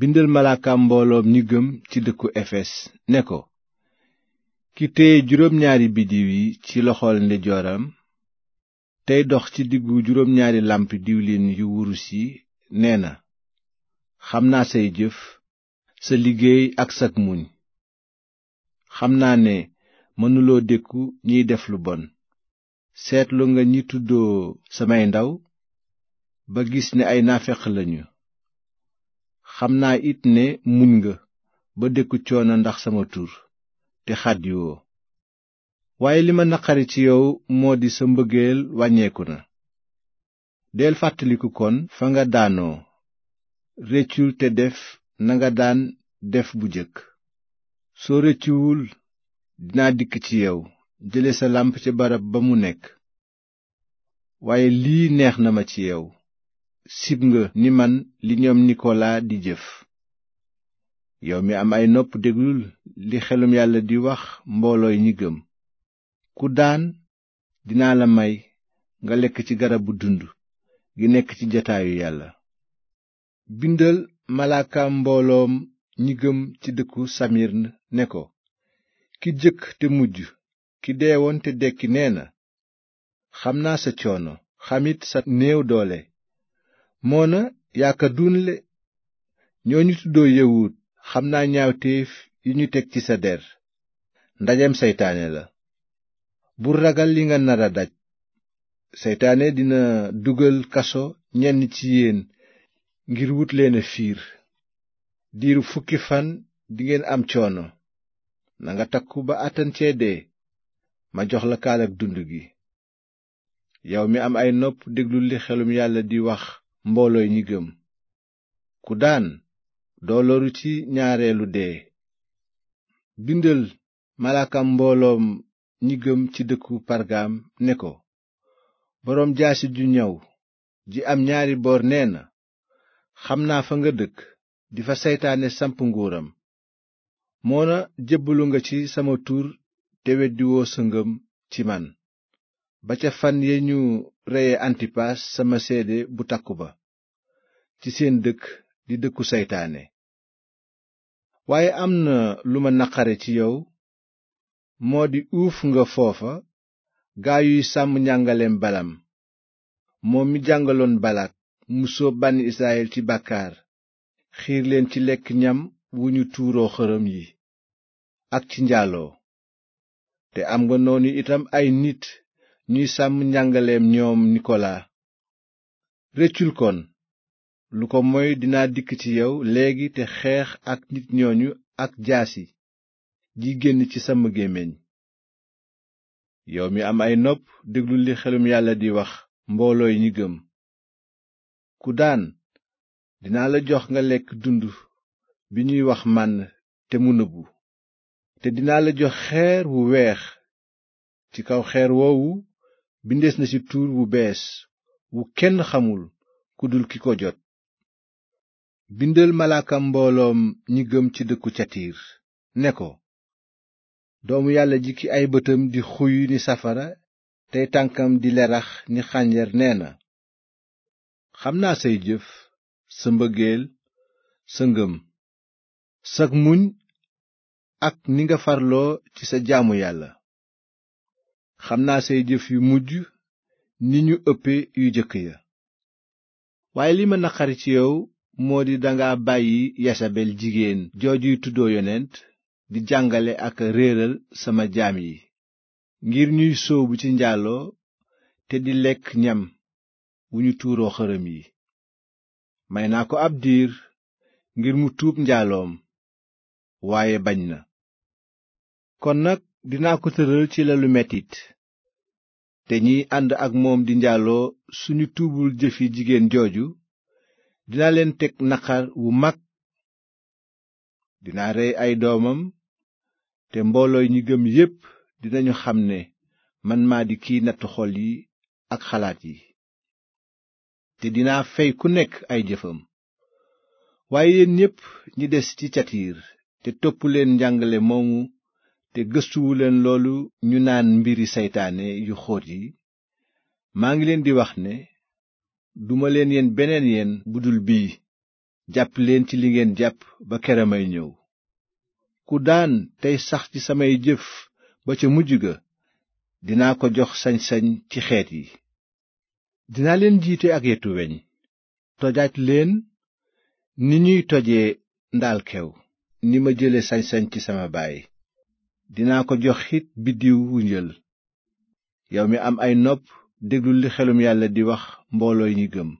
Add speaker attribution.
Speaker 1: bindal malaakam mbooloom ñi ci dëkku efes ne ko ki téye juróom ñaari biddiw yi ci loxol ndeyjooram tey dox ci diggu juróom ñaari làmp diwlin yu wurus yi nee na xam naa say jëf sa liggéey ak sag muñ xam naa ne mënuloo dékku ñuy def lu bon seetlu nga ñi tuddoo samay ndaw ba gis ne ay naafeq lañu xam naa it ne muñ nga ba dékku coono ndax sama tur te xàddiwoo waaye li ma naqari ci yow moo di sa mbëggeel wàññeeku na del fàttaliku kon fa nga daanoo rëccul te def nanga daan def bu jëkk soo rëccuwul dinaa dikk ci yow jële sa làmp ci barab ba mu nekk waaye lii neex na ma ci yow sib nga ni man li ñoom nikolaa di jëf yow mi am ay nopp déglul li xelum yàlla di wax mboolooy ñi gëm ku daan dinaa la may nga lekk ci garabu dund gi nekk ci jataayu yàlla bindal malaakaam mbooloom ñi gëm ci dëkku samirn ne ko ki jëkk te mujj ki deewoon te dekki nee na xam naa sa coono xamit sa néew doole moona yaa ka duun le ñoo ñu tuddoo yawut xam naa ñaawteef yi ñu teg ci sa der ndajeem seytaane la bu ragal li nga nara daj seytaane dina dugal kaso ñenn ci yéen ngir wut leen fiir diiru fukki fan dingeen am coono nanga takku ba àttan cee dee ma jox la kaalag dund gi yow mi am ay nopp déglul xelum yàlla di wax mboolooy gëm ku daan doo loru ci ñaareelu dee bindal malaakam mbooloom ñi gëm ci dëkku pargaam ne ko boroom jaasi ju ñaw ji am ñaari boor nee na xam naa fa nga dëkk di fa seytaane samp nguuram moona jébbalu nga ci sama tur te weddiwoo sa ngëm ci man ba ca fan ya ñu reye antipas sama seede bu takku ba ci seen dëkk di dëkku seytaane waaye am na lu ma naqare ci yow moo di uuf nga foofa gaayuy sàmm njàngaleem balam moom mi jàngaloon balak mu sóob bànni israyil ci bàkkaar xiir leen ci lekk ñam wu ñu tuuroo xërëm yi ak ci njaaloo te am nga noonu itam ay nit ñuy sàmm njàngaleem ñoom nikola rëccul kon lu ko moy dinaa dikk ci yow léegi te xeex ak nit ñooñu ak jaasi ji génn ci sama gémmiñ yow mi am ay nopp déglul li xelum yàlla di wax mboolooy ñi gëm ku daan dinaa la jox nga lekk dund bi ñuy wax mànn te mu nëbbu te dinaa la jox xeer wu weex ci kaw xeer woowu bindees na ci tuur wu bees wu kenn xamul ku dul ki ko jot bindal malaakam mbooloom ñi gëm ci dëkku catiir ne ko doomu yàlla ji ay bëtam di xuy ni safara tey tànkam di lerax ni xànjar nee na xam naa say jëf sa mbëggeel sa ngëm sag muñ ak ni nga farloo ci sa jaamu yàlla xam naa say jëf yu mujj ni ñu ëppe yu jëkk ya waaye li ma naqari ci yow moo di danga bàyyi yasabel jigéen joojuy tuddoo yonent di jàngale ak réeral sama jaam yi ngir ñuy sóobu ci njaaloo te di lekk ñam wu ñu tuuroo xërëm yi may naa ko ab diir ngir mu tuub njaaloom waaye bañ na kon nag dinaa ko tëral ci lalu metit te ñiy ànd ak moom di njaaloo suñu tuubul jëfi jigéen jooju dinaa leen teg naqar wu mag dina rey ay doomam te mboolooy ñu gëm yépp dinañu xam ne man maa di kiy natt xol yi ak xalaat yi te dinaa fey ku nekk ay jëfam waaye yéen ñépp ñi des ci catiir te topp leen njàngale moomu te gëstuwuleen loolu ñu naan mbiri seytaane yu xoot yi maa ngi leen di wax ne duma leen yeen beneen yeen bu dul bii jàpp leen ci li ngeen jàpp ba kera may ñëw ku daan tey sax ci samay jëf ba ca mujj ga dinaa ko jox sañ-sañ ci xeet yi dinaa leen jiite ak yetu weñ tojaaj leen ni ñuy tojee ndaal kew ni ma jële sañ-sañ ci sama baay dinaa ko jox it biddiw wu njël yow mi am ay nopp déglu li xelum yàlla di wax mbooloo yi ñi gëm